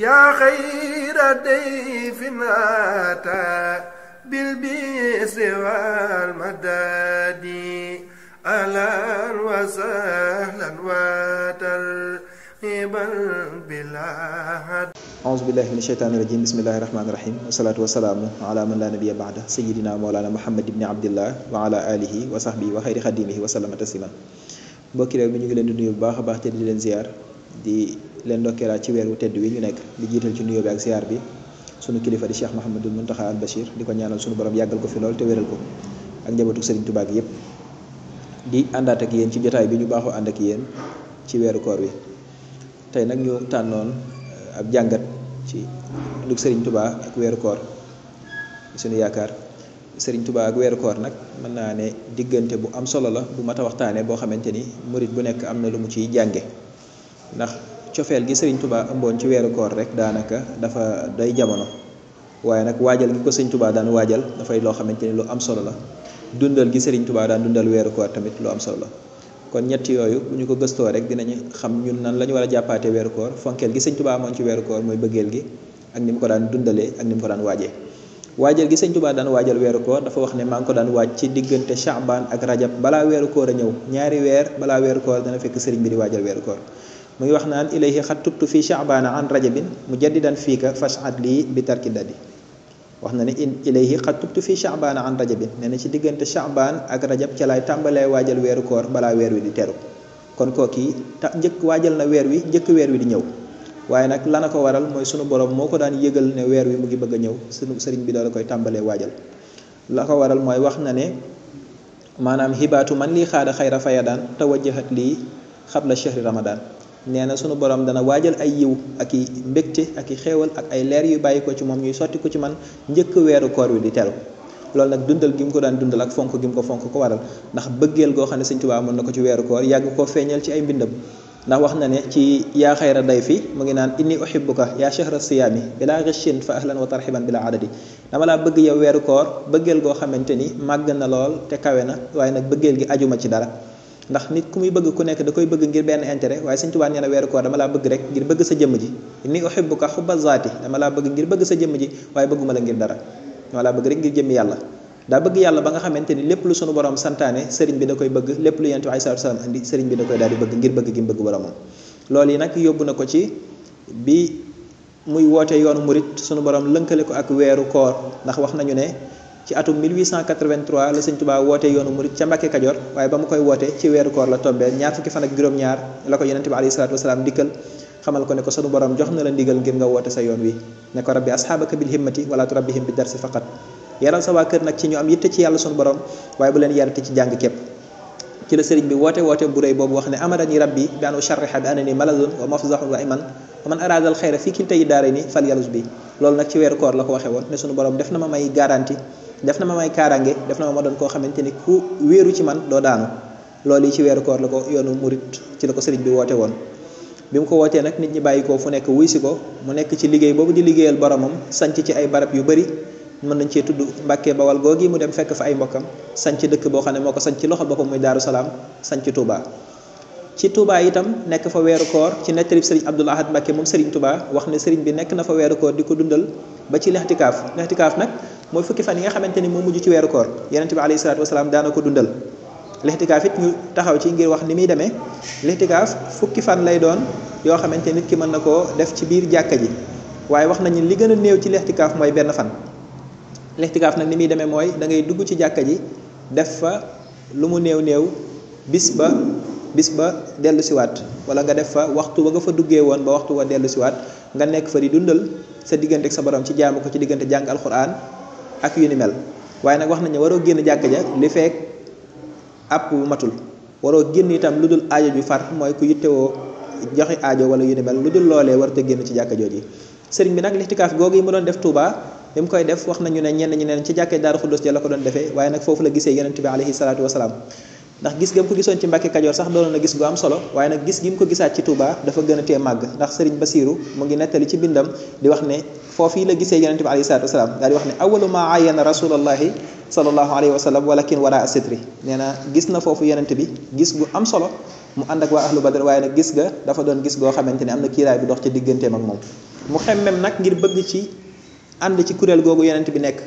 yaa xayra dayfin ataa bil bisri wal madadi ahlan wa sahlan wa tarhiban bilaa auzu billahi min asheytaani rajim bismillahi rahmaani rahim wasalaatu wasalaamu ala man laa nabiya baada sayidina moolaana muhammad ibni abdillah wa ala alihi wa sahbihi wa xayri xadimihi wa sallama taslima mbokki réew mi ñu ngi leen bu baax a baax te di leen ziar di leen ndokkeelaat ci weer wu tedd wi ñu nekk di jiital ci nuyoo bi ak ziar bi sunu kilifa di Cheikh Mouhamadul Mountakha Al Bachir di ko ñaanal sunu borom yàggal ko fi lool te wéral ko ak njabootu Serigne Touba àndaat ak yéen ci jotaay bi ñu baaxoo ànd ak yéen ci weeru koor wi tey nag ñu tànnoon uh, jàngat ci dug Serigne Touba sunu yaakaar sëriñ Touba ak weeru koor nag mën naa ne diggante bu am solo la bu mat a waxtaanee boo xamante ni murit bu nekk am na lu mu ciy jànge ndax cofeel gi sëriñ tubaa amboon ci weeru koor rek daanaka dafa day jamono waaye nag waajal gi ko sëñ tubaa daan waajal dafay loo xamante ni lu am solo la dundal gi sëriñ tubaa daan dundal weeru koor tamit lu am solo kon ñett yooyu ñu ko gëstoo rek dinañu xam ñun nan la ñu war a jàppaatee weeru koor gi sëriñ tubaa amoon ci weeru koor mooy bëggeel gi ak ni mu ko daan dundalee ni mu ko daan waajee waajal gi sëñ Tuubaa daan waajal weeru koor dafa wax ne maa ngi ko daan waaj ci diggante Shaaban ak Rajab balaa weeru koor a ñëw ñaari weer balaa weeru koor dana fekk sëriñ bi di waajal weeru koor muy wax naan ilayhi xat tubtu fii chaabana an rajabin mujaddidan fiika fasad lii bi tarki dadi wax na ne in ilayhi xat tubtu fii chaabana an rajabin nee na ci diggante chaaban ak rajab ca laay tàmbalee waajal weeru koor balaa weer wi di teru kon kooki ta njëkk waajal na weer wi njëkk weer wi di ñëw waaye nag lana ko waral mooy sunu borom moo ko daan yëgal ne weer wi mu ngi bëgg ñëw sunu sëriñ bi doo la koy tàmbalee waajal la ko waral mooy wax na ne maanaam xibaatu man lii xaada xayra fayadaan tawajjahat lii xabla chahri ramadan nee na sunu borom dana waajal ay yiw ak i mbëgte ak i xéewal ak ay leer yu bàyyi ko ci moom ñuy sotti ko ci man njëkk weeru koor wi di teru loolu nag dundal gi mu ko daan dundal ak fonk gi mu ko fonk ko waral ndax bëggeel goo xam ne Sëñ Tuubaa amoon ko ci weeru koor yàgg koo feeñal ci ay mbindam ndax wax na ne ci yaa xayra day fi mu ngi naan inni uhibbuka yaa shahra siyaami bila ghashin fa ahlan wa tarxiban bila adadi dama laa bëgg yow weeru bëggeel goo xamante ni màgg na lool te kawe na waaye nag bëggeel gi ajuma ci dara ndax nit ku muy bëgg ku nekk da koy bëgg ngir benn intérêt waaye Sëñ Tuubaa nee na weeru koor dama laa bëgg rek ngir bëgg sa jëmm ji inni laa bëgg ngir bëgg sa jëmm ji waaye bëgguma la ngir dara dama laa bëgg rek ngir jëmmi yàlla daa bëgg yàlla ba nga xamante ni lépp lu sunu borom santaane sëriñ bi da koy bëgg lépp lu yonent bi alayhi sa wa salaam indi sëriñ bi da koy daal bëgg ngir bëgg gi mu bëgg boromam loolu yi nag yóbbu na ko ci bi muy woote yoonu murit sunu borom lënkale ko ak weeru koor ndax wax nañu ne ci atum 1883 la sëñ Tuubaa woote yoonu murit ca Mbàkke Kajoor waaye ba mu koy woote ci weeru koor la tombee ñaar fukki fan ak juróom-ñaar la ko yonente bi alayhi salaatu wasalaam dikkal xamal ko ne ko sunu borom jox na la ndigal ngir nga woote sa yoon wi ne ko rabbi asxaabaka bil himmati wala turabbihim bi darsi faqat yaral sa waa kër nag ci ñu am yitte ci yàlla sunu borom waaye bu leen yarati ci jàng képp ci la sëriñ bi woote woote bu réy wa mafzahun wa iman wa man arada al loolu nag ci weeru la ko waxe woon ne sunu borom def na def na ma may kaaraange def na ma ma doon koo xamante ni ku wéeru ci man doo daanu loolu yi ci weeru koor la ko yoonu murit ci la ko sëriñ bi woote woon bi mu ko wootee nag nit ñi bàyyi koo fu nekk wuy si ko mu nekk ci liggéey boobu di liggéeyal boromam sanc ci ay barab yu bari mën nañ cee tudd Mbàkke Bawal googi mu dem fekk fa ay mbokkam sanc dëkk boo xam ne moo ko ci loxo boppam muy Daaru Salaam sanc Touba ci Touba itam nekk fa weeru koor ci nettalib sëriñ Abdul Ahad Mbàkke moom sëriñ Touba wax ne sëriñ bi nekk na fa weeru koor di ko dundal ba ci lextikaaf lextikaaf nag mooy fukki fan yi nga xamante ni mu mujj ci weeru koor yonent bi alayhi salaatu wasalaam daana ko dundal lixtikaaf it ñu taxaw ci ngir wax ni muy demee lixtikaaf fukki fan lay doon yoo xamante nit ki mën na koo def ci biir jàkka ji waaye wax nañu li gën a néew ci lixtikaaf mooy benn fan lixtikaaf nag ni muy demee mooy da ngay dugg ci jàkka ji def fa lu mu néew néew bis ba bis ba dellu siwaat wala nga def fa waxtu ba nga fa duggee woon ba waxtu wa dellu siwaat nga nekk fa di dundal sa diggante sa borom ci jaamu ko ci diggante jàng ak yu mel waaye nag wax nañu waroo génn jàkka ja li fekk àpp matul waroo génn itam lu dul aajo ju far mooy ku yittewoo joxe aajo wala yu ni mel lu dul loolee warut a génn ci jàkka jooji sëriñ bi nag lixtikaaf googu yi mu doon def Touba. bi mu koy def wax nañu ne ñenn ñi neen ci jàkkee daaru xuddus ja la ko doon defee waaye nag foofu la gisee yonent bi alayhi salaatu wasalaam ndax gis gam ko gisoon ci Mbàkke Kajoor sax doonoon na gis gu am solo waaye nag gis gi mu ko gisaat ci Touba dafa gën a tee màgg ndax Sëriñ Basiiru mu ngi nettali ci bindam di wax ne foofii la gisee yonente bi alayhi salaatu wasalaam daal di wax ne awalu ma ayana rasulallahi sallallahu alayhi wa sallam walakin wara asitri nee na gis na foofu yonente bi gis gu am solo mu ànd ak waa ahlu badar waaye nag gis ga dafa doon gis goo xamante ne am na kiiraay bi dox ci digganteem ak moom mu xemmem nag ngir bëgg ci ànd ci kuréel googu yenent bi nekk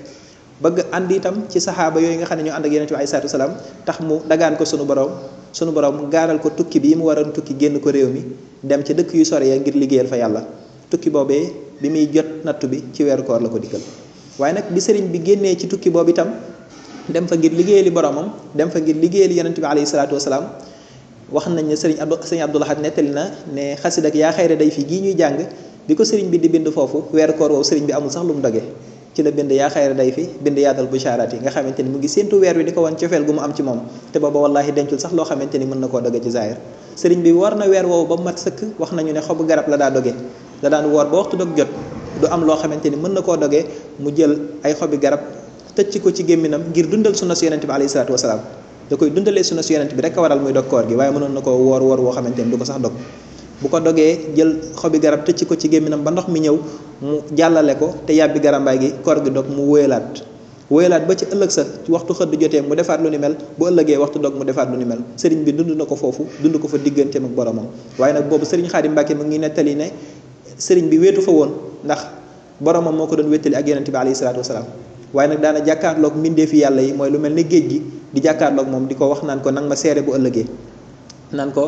bëgg ànd itam ci saxaaba yooyu nga xam ne ñoo ànd ak yonent bi alayhi salaatu wasalaam tax mu dagaan ko sunu borom sunu borom gaaral ko tukki bi mu waroon tukki génn ko réew mi dem ca dëkk yu sore ya ngir liggéeyal fa yàlla tukki boobee bi muy jot nattu bi ci weeru koor la ko dikkal waaye nag bi sëriñ bi génnee ci tukki boobu itam dem fa ngir liggéeyali boromam dem fa ngir liggéeyali yonent bi alayhi salaatu wasalaam wax nañ ne sëriñ Abdu sëriñ Abdul Ahad nettali na ne xasid ak yaa xayra day fi gii ñuy jàng bi ko sëriñ bi di bind foofu weeru koor woowu sëriñ bi amul sax lu mu dogee ci la bind yaa xayra day fi bind yaatal busharaat yi nga xamante ni mu ngi séentu weer wi di ko wan cofeel gu mu am ci moom te booba wallaahi dencul sax loo xamante ni mën na koo doge ci zaahir sëriñ bi war na weer woowu ba mat sëkk wax nañu ne xobu garab la daa doge da daan woor boo waxtu dog jot du am loo xamante ni mën na koo doge mu jël ay xobi garab tëcc ko ci gémminam ngir dundal sunna si yonente bi alayhi salaatu wasalaam da koy dundalee sunna si yonente bi rek a waral muy dog waaye mënoon na koo woor woor woo xamante ni du ko sax bu ko dogee jël xobi garab tëcc ko ci gémminam ba ndox mi ñëw mu jàllale ko te yàbbi garambaay gi koor gi dog mu wóyalaat wóyalaat ba ci ëllëg sa waxtu xëdd jotee mu defaat lu ni mel bu ëllëgee waxtu dog mu defaat lu ni mel sëriñ bi dund na ko foofu dund ko fa digganteem ak boromam waaye nag boobu sëriñ Xaadim Mbàkke mu ngi nettali ne sëriñ bi wéetu fa woon ndax boromam moo ko doon wéttali ak yonente bi alayhi salaatu wasalaam waaye nag daana jàkkaarloog mbindeefi yàlla yi mooy lu mel ne géej gi di jàkkaarloog moom di ko wax naan ko nang ma seere bu ëllëgee ko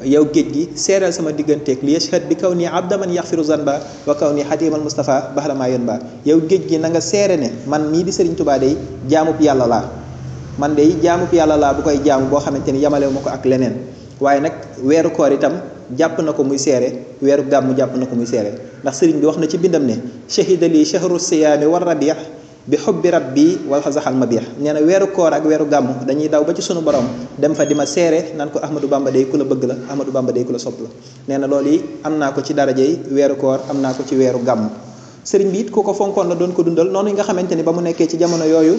yow géej gi seeral sama digganteeg li yashhad bi kaw nii abdaman yaxfiru zanba wa kaw nii xatiman mustapha baxrama yon ba yow géej gi nanga nga seere ne man mii di sëriñ tubaa day jaamub yàlla laa man day jaamub yàlla laa bu koy jaamu boo xamante ni yamalew ma ko ak leneen waaye nag weeru koor itam jàpp na ko muy seere weeru gàmmu jàpp na ko muy seere ndax sëriñ bi wax na ci bindam ne shahida lii shahru siyaami war rabiix bi xubbi rabbi wal xasaxal mabix nee na weeru koor ak weeru gàmm dañuy daw ba ci sunu borom dem fa di ma seere nan ko Ahmadou Bamba day ku la bëgg la Ahmadou Bamba day ku la sopp la nee na lool yi am naa ko ci darajey weeru koor am naa ko ci weeru gàmm sëriñ bi it ku ko fonkoon la doon ko dundal noonu yi nga xamante ni ba mu nekkee ci jamono yooyu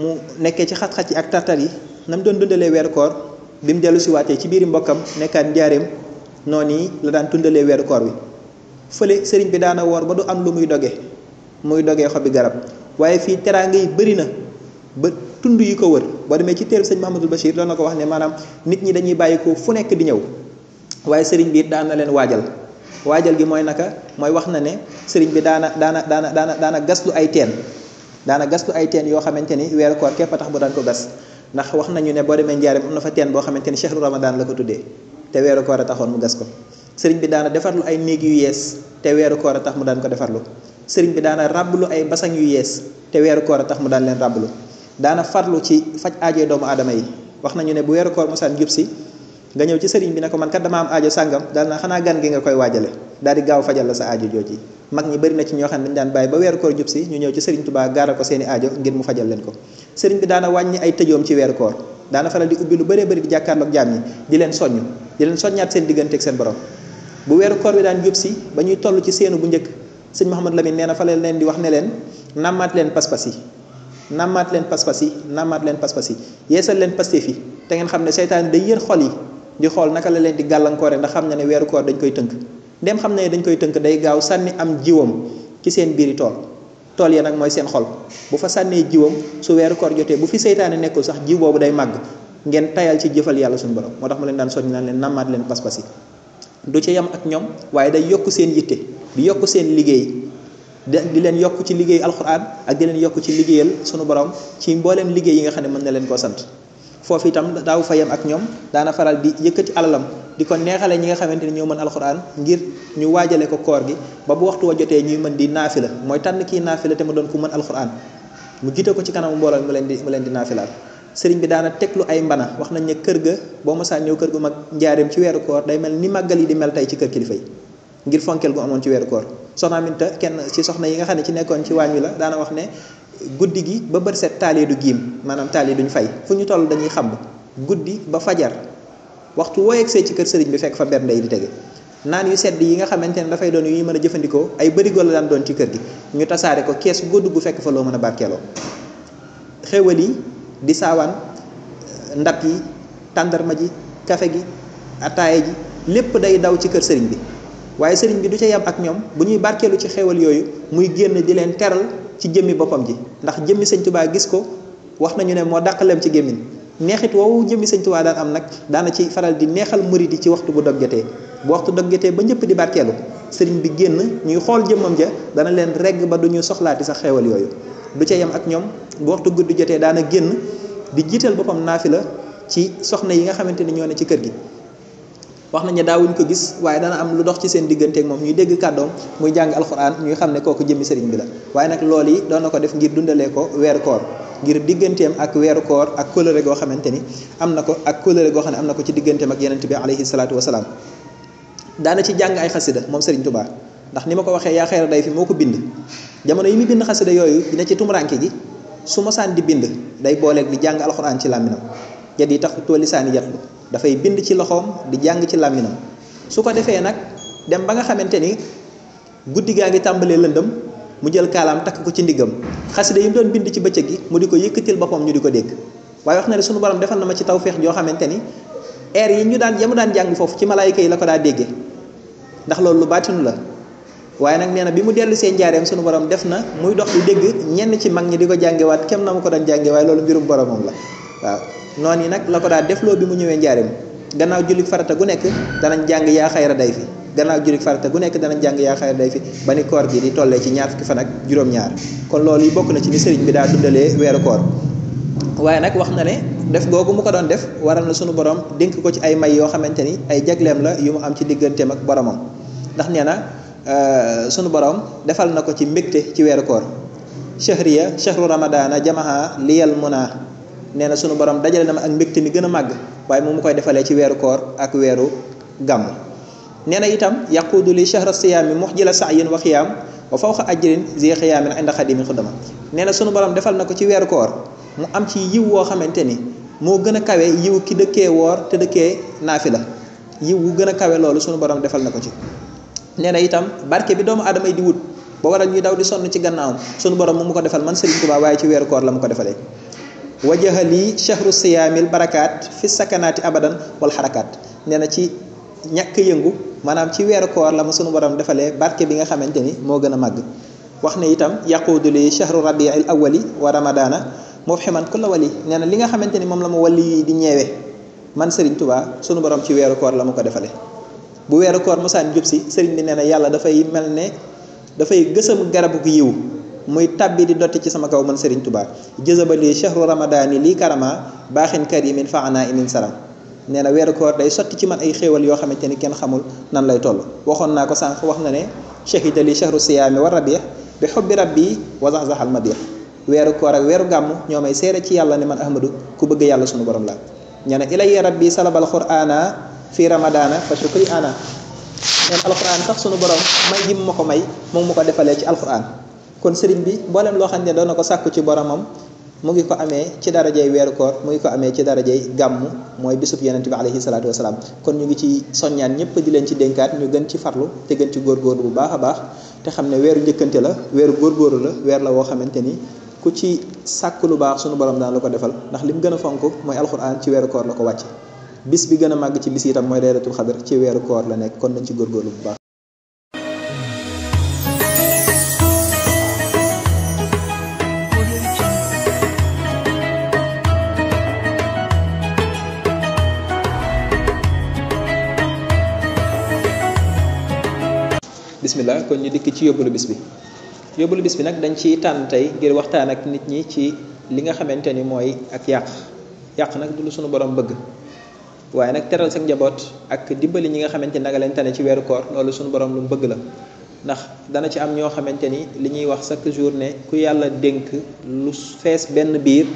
mu nekkee ci xat-xat yi ak tartar yi na mu doon dundalee weeru koor bi mu dellu si ci biir mbokkam nekkaat njaareem noonu yi la daan dundalee weeru koor wi fële sëriñ bi daana woor ba du am lu muy doge muy dogee xobi garab waaye fii teraanga yi bëri na ba tund yi ko wër boo demee ci teeru sëñ Mahamadul Bachir doon na ko wax ne maanaam nit ñi dañuy bàyyi fu nekk di ñëw waaye sëriñ bi daan na leen waajal waajal gi mooy naka mooy wax na ne sëriñ bi daana daana daana daana daana gaslu ay teen daana gaslu ay teen yoo xamante ni weeru koor képp a tax bu daan ko gas ndax wax nañu ne boo demee njaareem am na fa teen boo xamante ni chehru ramadan la ko tuddee te weeru koor a taxoon mu gas ko sëriñ bi daana defarlu ay néeg yu yees te weeru tax mu daan ko defarlu sëriñ bi daana ràbblu ay basang yu yees te weeru koor a tax mu daan leen ràbblu daana farlu ci faj aajo doomu adama yi wax nañu ne bu weeru koor mosaan jub si nga ñëw ci sëriñ bi ne ko man kat dama am ajo sàngam daal na xanaa gan gi nga koy waajale daal di gaaw fajal la sa aajo jooji mag ñi bari na ci ñoo xam ne dañ daan bàyyi ba weeru koor jub si ñu ñëw ci sëriñ Tuubaa gaara ko seeni aajo ngir mu fajal leen ko sëriñ bi daana wàññi ay tëjoom ci weeru koor daana faral di ubbi lu bëree bëri di jàkkaarloog jaam ñi di leen soññ di leen soññaat seen digganteeg seen borom bu weeru koor bi daan jub si ba ñuy toll ci seenu bu njëkk sëñ Mouhamadou Lamine nee na fa leen di wax ne leen namaat leen pas-pas yi nàmmaat leen pas-pas yi nàmmaat leen pas-pas yi yeesal leen Pastef fii te ngeen xam ne seytaane day yër xol yi di xool naka la leen di gàllankoore ndax xam na ne weeru koor dañ koy tënk dem xam ne dañ koy tënk day gaaw sànni am jiwam ci seen biiri tool tool ya nag mooy seen xol bu fa sànnee jiwam su weeru koor jotee bu fi seytaane nekkul sax jiw boobu day màgg ngeen tayal ci jëfal yàlla suñu borom moo leen daan soññ naan leen du ca yem ak ñoom waaye day yokk seen yitte di yokk seen liggéey di leen yokk ci liggéey alxuraan ak di leen yokk ci liggéeyal sunu borom ci mbooleem liggéey yi nga xam ne mën na leen koo sant foofu itam daaw fa yem ak ñoom daana faral di yëkkati alalam di ko neexalee ñi nga xamante ni ñoo mën alxuraan ngir ñu waajale ko koor gi ba bu waxtu wa jotee ñuy mën di naafi naafila mooy tànn kii naafila te mu doon ku mën alxuraan mu jiite ko ci kanam mbooloo mu leen di leen di naafilaal sëriñ bi daana teglu ay mbana wax nañ ne kër ga boo mosaan ñëw kër gu mag njaareem ci weeru koor day mel ni màggal yi di mel tey ci kër kilifa yi ngir fonkeel gu amoon ci weeru koor soxna Aminta kenn ci soxna yi nga xam ne ci nekkoon ci waañ wi la daana wax ne guddi gi ba bër set taalee du giim maanaam taalee duñ fay fu ñu toll dañuy xamb guddi ba fajar waxtu woo yegsee ci kër sëriñ bi fekk fa bernde yi di tege naan yu sedd yi nga xamante ne dafay doon yu mën a jëfandikoo ay bërigo la daan doon ci kër gi ñu tasaare ko kees goo dugg fekk fa loo mën a barkeeloo xéwal di saawaan ndat yi tàndarma ji kafe gi ataaya ji lépp day daw ci kër sëriñ bi waaye sëriñ bi du ca yam ak ñoom bu ñuy barkeelu ci xéewal yooyu muy génn di leen teral ci jëmmi boppam ji ndax jëmmi sëñ Tuubaa gis ko wax nañu ne moo dàqaleem ci gémmiñ neexit woowu jëmmi sëñ Tuubaa daan am nag daana ci faral di neexal murid yi ci waxtu bu dog jotee bu waxtu dog ba ñëpp di barkeelu sëriñ bi génn ñuy xool jëmmam ja dana leen regg ba du ñu soxlaati sa xéewal yooyu lu ca yem ak ñoom bu waxtu guddi jotee daana génn di jiital boppam la ci soxna yi nga xamante ni ñoo ne ci kër gi wax nañ ne daawuñ ko gis waaye dana am lu dox ci seen digganteeg moom ñuy dégg kàddoom muy jàng alxuraan ñuy xam ne kooku jëmmi sëriñ bi la waaye nag loolu yi doon na ko def ngir dundalee ko weeru koor ngir digganteem ak weeru koor ak kóllëre goo xamante ni am na ko ak kóllëre goo xam ne am na ko ci digganteem ak yenent bi alayhi salaatu wasalaam daana ci jàng ay xasida moom sëriñ Tuubaa ndax ni ma ko waxee yaa day fi moo ko bind jamono yi muy bind xasida yooyu dina ci tumuranke ji su mosaan di bind day booleeg di jàng alxuraan ci làmminam jat yi tax too lisaani jatlu dafay bind ci loxoom di jàng ci làmminam su ko defee nag dem ba nga xamante ni guddi gaa ngi tàmbalee lëndëm mu jël kaalaam takk ko ci ndiggam xasida yi mu doon bind ci bëccëg gi mu di ko yëkkatil boppam ñu di ko dégg waaye wax na ne sunu borom defal na ma ci tawféex joo xamante ni air yi ñu daan yamu daan jàng foofu ci malaayika yi la ko daa déggee ndax loolu lu baatinu la waaye nag nee na bi mu dellu seen njaareem sunu borom def na muy dox di dégg ñenn ci mag ñi di ko jàngewaat kem na mu ko doon jànge waaye loolu mbirum boromam la waaw yi nag la ko daa defloo bi mu ñëwee njaareem gannaaw jullit farata gu nekk danañ jàng yaa xayra day fi gannaaw jullit farata gu nekk danañ jàng yaa xayra day fi ba ni koor gi di tollee ci ñaar fukki fan ak juróom-ñaar kon loolu yi bokk na ci ni sëriñ bi daa dundalee weeru koor waaye nag wax na ne def googu mu ko doon def waral na sunu borom dénk ko ci ay may yoo xamante ni ay jagleem la yu mu am ci digganteem ak boromam ndax nee na Euh, sunu borom defal na ko ci mbégte ci weeru koor chahriya chahru ramadana jamaha liyal munaa nee na sunu borom dajale na ma ak mbégte mi gën a màgg waaye mu mu koy defalee ci weeru koor ak weeru gàmm nee na itam yaquudu li mu siyaami mux jila sa'yin wa xiyaam wa fawqa ajrin zi xiyaamin inda xadimi xuddama nee na sunu borom defal na ko ci weeru koor mu am ci yiw woo xamante ni moo gën a kawe yiw ki dëkkee woor te dëkkee naafi la yiw wu gën a kawe loolu sunu borom defal na ko ci nee na itam barke bi doomu aadama yi di wut ba waral ñuy daw di sonn ci gannaawam sunu borom mu mu ko defal man Serigne Touba waaye ci weeru koor la mu ko defalee wajaxali chahru siyaamil barakaat fi sakanaati abadan wal xarakaat nee na ci ñàkk yëngu maanaam ci weeru koor la ma sunu borom defalee barke bi nga xamante ni moo gën a màgg wax ne itam yaquudu li chahru rabiil awali wa ramadaana moo fi man ku la wali nee na li nga xamante ni moom la ma wali di ñeewee man Serigne Touba sunu borom ci weeru koor la mu ko defalee bu weeru koor mosaan jub si sëriñ bi nee na yàlla dafay mel ne dafay gësam garabu ko yiw muy tabbi di dotti ci sama kaw man sëriñ Tuubaa jëzaba lii chahru ramadaani lii karama baaxin karimin faana inin saram nee na weeru koor day sotti ci man ay xéewal yoo xamante ni kenn xamul nan lay toll waxoon naa ko sànq wax na ne chahida li chahru siyaami wa rabih bi rab xubbi rabbi wa ma mabih weeru koor ak weeru gàmm ñoo may seere ci yàlla ne man ahmadu ku bëgg yàlla sunu borom la fii ramadaana fa shukri ana neen alquran sax sunu borom may gi mu ma ko may moom ma ko defalee ci alquran kon sëriñ bi mboolem loo xam ne doon na ko sàkku ci boromam mu ngi ko amee ci dara darajey weeru koor mu ngi ko amee ci darajey gàmm mooy bisub yonent bi alayhi salaatu wasalaam kon ñu ngi ci soññaan ñëpp di leen ci dénkaat ñu gën ci farlu te gën ci góorgóorlu bu baax a baax te xam ne weeru njëkkante la weeru góorgóorlu la weer la woo xamante ni ku ci sàkk lu baax sunu borom daan la ko defal ndax lim gën a fonk mooy alquran ci weeru koor la ko wàcce bis bi gën a màgg ci bis itam mooy laylatul xadar ci weeru koor la nekk kon nañ ci góorgóorlu bu kon ñu dikk ci yóbbalu bis bi yóbbalu bis bi nag dañ ciy tànn tey ngir waxtaan ak nit ñi ci li nga xamante ni mooy ak yàq yàq nag du lu sunu borom bëgg waaye nag teral sa njaboot ak dimbali ñi nga xamante ni nga leen tane ci weeru koor loolu suñu borom lu mu bëgg la ndax dana ci am ñoo xamante ni li ñuy wax chaque jour ne ku yàlla dénk lu fees benn biir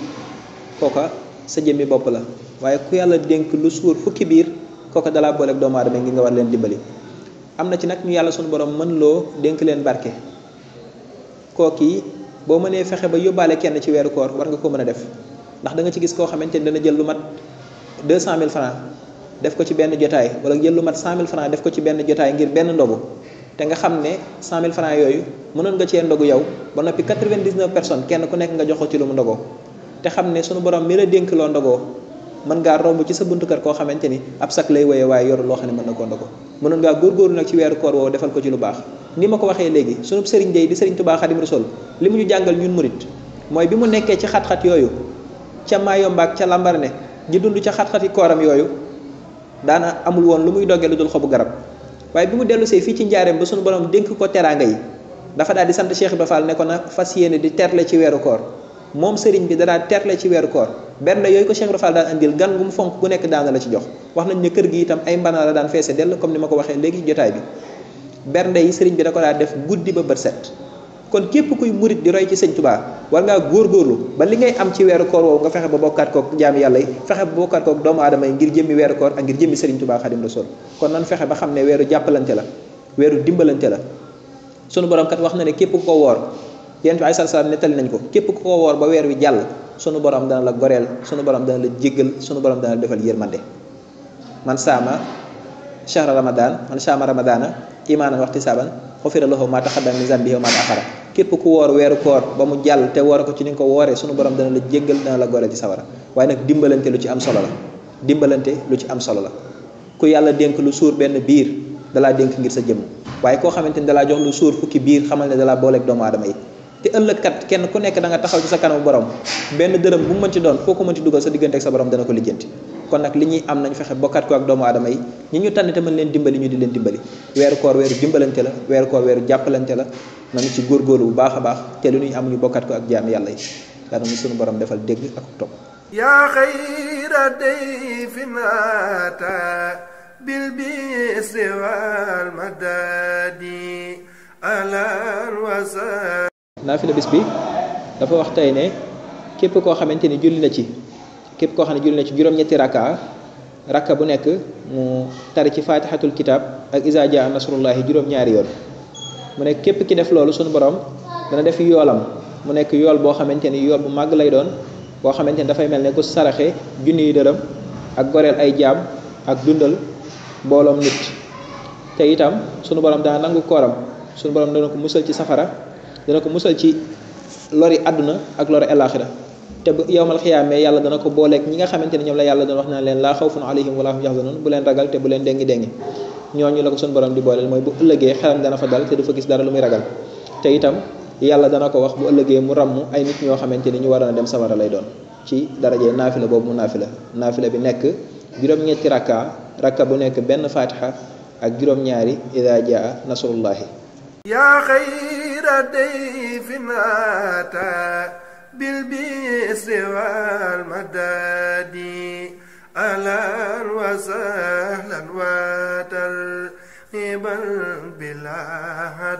kooka sa jëmmi bopp la waaye ku yàlla dénk lu suur fukki biir kooka dalaa booleeg doomu aadama ngi nga war leen dimbali am na ci nag ñu yàlla suñu borom mën loo dénk leen barke kooku yi boo mënee fexe ba yóbbaale kenn ci weeru koor war nga koo mën a def ndax da ci gis koo xamante ni dana jël lu mat deux cent mille francs def ko ci benn jotaay wala jël lu mat cent mille def ko ci benn jotaay ngir benn ndogu te nga xam ne cent mille francs yooyu mënoon nga cee ndogu yow ba noppi quatre-vingt-dix-neuf personnes kenn ku nekk nga jox ko ci lu mu ndogoo te xam ne sunu borom mi la dénk loo ndogoo mën ngaa romb ci sa buntu kër koo xamante ni ab sac lay woyee waaye yoru loo xam ne mën na koo ndogo mënoon ngaa góorgóorlu nag ci weeru koor woowu defal ko ci lu baax ni ma ko waxee léegi sunu sëriñ day di sëriñ Tuubaa Xaadimu Rasuul li mu ñu jàngal ñun mooy bi mu nekkee ci xat-xat yooyu ca Mayomba ak ñi dund ca xat-xati kooram yooyu daana amul woon lu muy doggee lu dul xobu garab waaye bi mu dellu see fii ci njaareem ba suñu borom dénk ko teraanga yi dafa daal di sant Cheikh Ibra Fall ne ko nag fas yéene di terle ci weeru koor moom sëriñ bi danaa teerle ci weeru koor benn yooyu ko Cheikh Ibra Fall daan andil gan gu mu fonk gu nekk daana la ci jox wax nañ ne kër gi itam ay mbana la daan feese dell comme ni ma ko waxee léegi jotaay bi bernde yi sëriñ bi da ko daa def guddi ba bët set kon képp kuy murit di roy ci sëñ tubaa war ngaa góor góorlu ba li ngay am ci weeru koor woowu nga fexe ba bokkaat kook jaami yàlla yi fexe ba bokkaat kook doomu aadama yi ngir jëmmi weeru koor ak ngir jëmmi sëriñ tubaa xadim rasul kon nan fexe ba xam ne weeru jàppalante la weeru dimbalante la sunu borom kat wax na ne képp ko ko woor yonent bi ay salaam nettali nañ ko képp ku ko woor ba weer wi jàll sunu borom dana la goreel sunu borom dana la jéggal sunu borom dana la defal yërmande man saama shahra ramadan man saama ramadana imaanan waxtisaaban xufira lahu ma taqaddama min zambihi wa ma ta'akhara képp ku woor weeru koor ba mu jàll te woor ko ci ni ko wooree sunu borom dana la jéggal dana la gore ci sawara waaye nag dimbalante lu ci am solo la dimbalante lu ci am solo la ku yàlla dénk lu suur benn biir dalaa dénk ngir sa jëmm waaye koo xamante ni dalaa jox lu suur fukki biir xamal ne dalaa booleeg doomu aadama yi te ëllëg kat kenn ku nekk da nga taxaw ci sa kanamu borom benn dërëm bu mu mën ci doon foo ko mën ci dugal sa diggante ak sa borom dana ko lijjante kon nag li ñuy am nañ fexe bokkaat ko ak doomu adama yi ñi ñu tànn te mën leen dimbali ñu di leen dimbali weeru koor weeru dimbalante la weeru koor weeru jàppalante la nañu ci góorgóorlu bu baax a baax te lu ñuy am ñu bokkaat ko ak jaam yàlla yi yàlla borom defal dégg ak topp yaa xayra dayfin naafila bis bi dafa wax tey ne képp koo xamante ni julli na ci képp koo xam ne julli na ci juróom-ñetti rakka rakka bu nekk mu tari ci faatixatul kitab ak isa jaa nasrullahi juróom-ñaari yoon mu nekk képp ki def loolu suñu borom dana def yoolam mu nekk yool boo xamante ni yool bu màgg lay doon boo xamante ni dafay mel ne ku saraxe junni yu dërëm ak goreel ay jaam ak dundal mbooloom nit te itam sunu borom dana nangu kooram sunu borom dana ko musal ci safara dana ko musal ci lori àdduna ak lori alaaxira te yowmal xiyaamee yàlla dana ko booleeg ñi nga xamante ñoom la yàlla doon wax naan leen laa xawfun alayhim wala hum yaxzanun bu leen ragal te bu leen déngi déngi ñooñu la ko suñu borom di booleel mooy bu ëllëgee xelam dana fa dal te du fa gis dara lu muy ragal te itam yàlla dana ko wax bu ëllëgee mu ràmm ay nit ñoo xamante ni ñu waroon a dem sawara lay doon ci darajee naafila boobu naafila naafila bi nekk juróom-ñetti rakka rakka bu nekk benn fatiha بالبسر والمداد أهلا وسهلا وترحيبا بلا